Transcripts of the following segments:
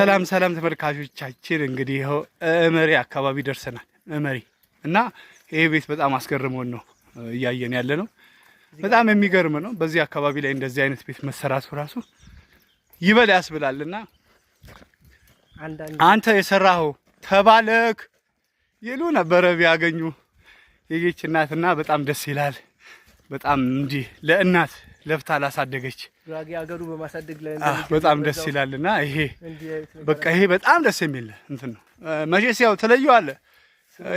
ሰላም ሰላም ተመልካቾቻችን፣ እንግዲህ ይኸው እመሪ አካባቢ ደርሰናል። እመሪ እና ይሄ ቤት በጣም አስገርሞን ነው እያየን ያለ ነው። በጣም የሚገርም ነው። በዚህ አካባቢ ላይ እንደዚህ አይነት ቤት መሰራቱ ራሱ ይበል ያስብላል። እና አንተ የሰራኸው ተባለክ ይሉ ነበረ ቢያገኙ የጌች እናትና በጣም ደስ ይላል። በጣም እንዲህ ለእናት ለፍታ ላሳደገች ሀገሩ በማሳደግ ላይ በጣም ደስ ይላልና፣ ይሄ በቃ ይሄ በጣም ደስ የሚል እንትን ነው። መቼስ ያው ትለየዋለህ።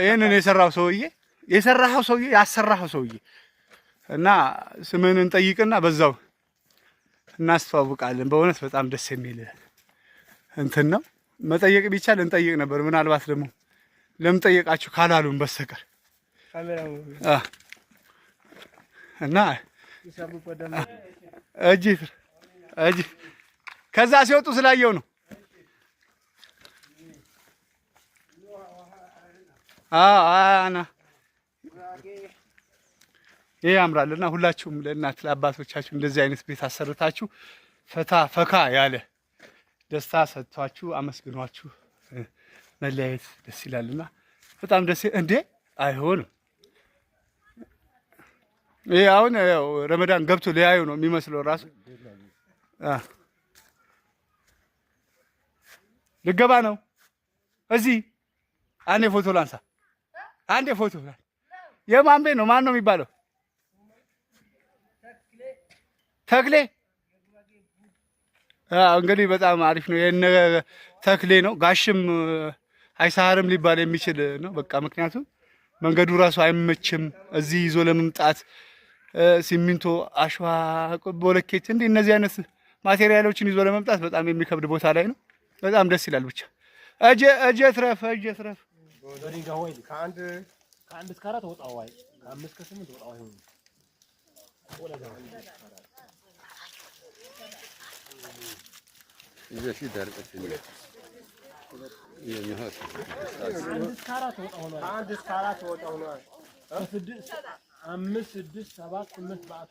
ይህንን የሰራው ሰውዬ የሰራው ሰውዬ ያሰራው ሰውዬ እና ስምን እንጠይቅና በዛው እናስተዋውቃለን። በእውነት በጣም ደስ የሚል እንትን ነው። መጠየቅ ቢቻል እንጠይቅ ነበር። ምናልባት ደግሞ ለምን ጠየቃችሁ ካላሉን በስተቀር እና እጅ እጅ ከዛ ሲወጡ ስላየው ነው። አና ይህ ያምራል እና ሁላችሁም ለእናት ለአባቶቻችሁ እንደዚህ አይነት ቤት አሰርታችሁ ፈታ ፈካ ያለ ደስታ ሰጥቷችሁ አመስግኗችሁ መለያየት ደስ ይላልና በጣም ደስ እንዴ አይሆንም። ይሄ አሁን ያው ረመዳን ገብቶ ሊያዩ ነው የሚመስለው ራሱ ልገባ ነው። እዚህ አንዴ ፎቶ ላንሳ፣ አንዴ ፎቶ የማንቤ ነው ማን ነው የሚባለው? ተክሌ እንግዲህ በጣም አሪፍ ነው። የነ ተክሌ ነው ጋሽም አይሳሀርም ሊባል የሚችል ነው። በቃ ምክንያቱም መንገዱ ራሱ አይመችም እዚህ ይዞ ለመምጣት ሲሚንቶ፣ አሸዋ፣ ቦለኬት እንዲህ እነዚህ አይነት ማቴሪያሎችን ይዞ ለመምጣት በጣም የሚከብድ ቦታ ላይ ነው። በጣም ደስ ይላል። ብቻ እጀ እጀ ትረፍ እጀ ትረፍ ከአንድ እስከ አራት ወጣ ሆኗል። አምስት ስድስት ሰባት ስምንት በአት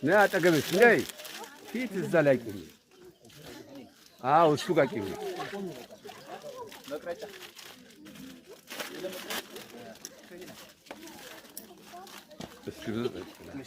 네, 아따금 신자이. 히트 살라이킴. 아, 우스가킴. Eskiden eskiden.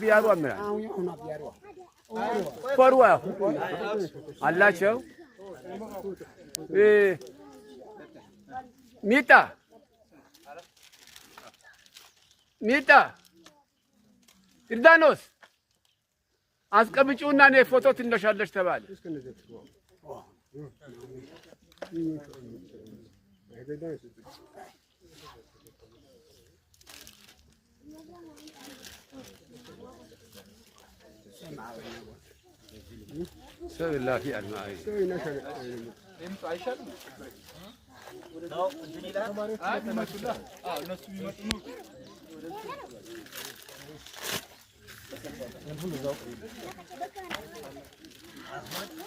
ቢያሯ ምን ቆርዋ አላቸው። ሚጣ ሚጣ ዮርዳኖስ አስቀምጪውና እኔ ፎቶ ትነሻለሽ ተባለ። سوي الله في الماء سوي نشر انتوا عايشين لا الجنيلة اه ما كلها اه الناس ما تموت Thank you.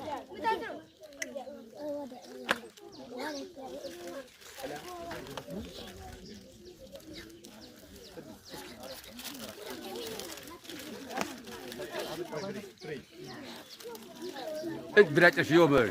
Het brengt is jammer.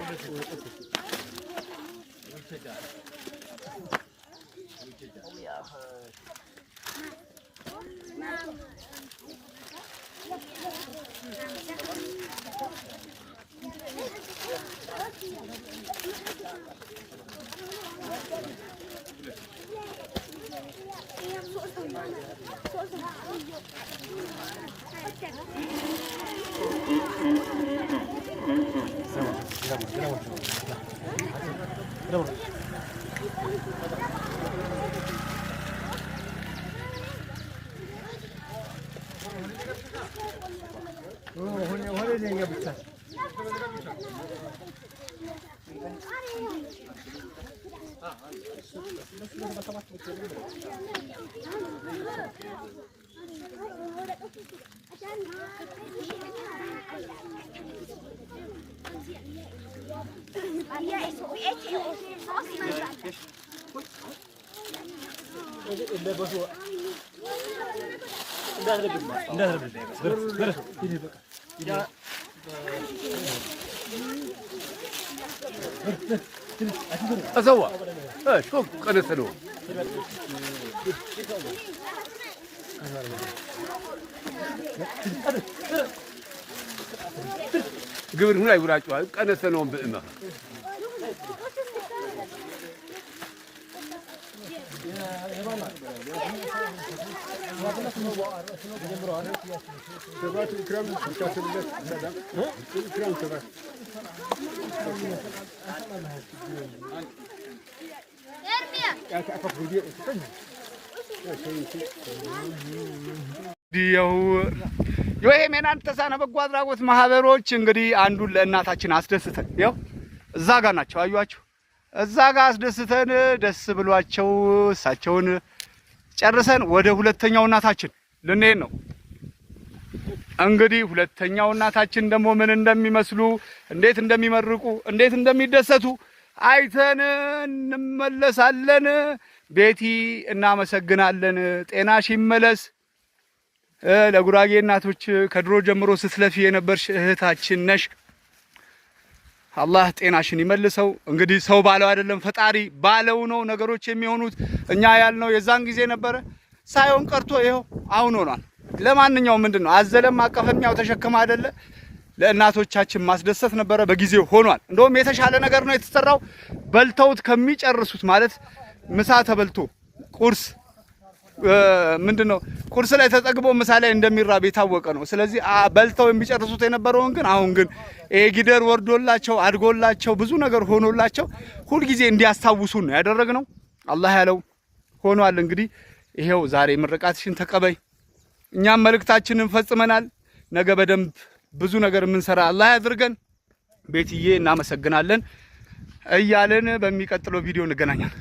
होने होने देंगे बच्चा Ini bos buat. اسوا ايش كم قد سلو قبل هنا يقول عجوة أنا سنوم بإمها يا يا ያው ተሳነ በጎ አድራጎት ማህበሮች እንግዲህ አንዱን ለእናታችን አስደስተን ያው እዛ ናቸው እዛ አስደስተን ደስ ብሏቸው እሳቸውን ጨርሰን ወደ ሁለተኛው እናታችን ልንሄድ ነው። እንግዲህ ሁለተኛው እናታችን ደግሞ ምን እንደሚመስሉ እንዴት እንደሚመርቁ እንዴት እንደሚደሰቱ አይተን እንመለሳለን። ቤቲ እናመሰግናለን። ጤናሽ ይመለስ። ለጉራጌ እናቶች ከድሮ ጀምሮ ስትለፊ የነበርሽ እህታችን ነሽ። አላህ ጤናሽን ይመልሰው። እንግዲህ ሰው ባለው አይደለም ፈጣሪ ባለው ነው ነገሮች የሚሆኑት። እኛ ያልነው የዛን ጊዜ ነበረ ሳይሆን ቀርቶ ይኸው አሁን ሆኗል። ለማንኛውም ምንድን ነው አዘለም አቀፈም ያው ተሸክመ አይደለ ለእናቶቻችን ማስደሰት ነበረ፣ በጊዜው ሆኗል። እንደውም የተሻለ ነገር ነው የተሰራው። በልተውት ከሚጨርሱት ማለት ምሳ ተበልቶ ቁርስ ምንድን ነው ቁርስ ላይ ተጠግቦ ምሳ ላይ እንደሚራብ የታወቀ ነው። ስለዚህ በልተው የሚጨርሱት የነበረውን ግን አሁን ግን ጊደር ወርዶላቸው አድጎላቸው ብዙ ነገር ሆኖላቸው ሁልጊዜ እንዲያስታውሱን ነው ነው። አላህ ያለው ሆኗል። እንግዲህ ይሄው ዛሬ ምርቃትሽን ተቀበይ። እኛም መልእክታችንን ፈጽመናል። ነገ በደንብ ብዙ ነገር የምንሰራ አላህ ያድርገን። ቤትዬ እናመሰግናለን እያልን በሚቀጥለው ቪዲዮ እንገናኛለን።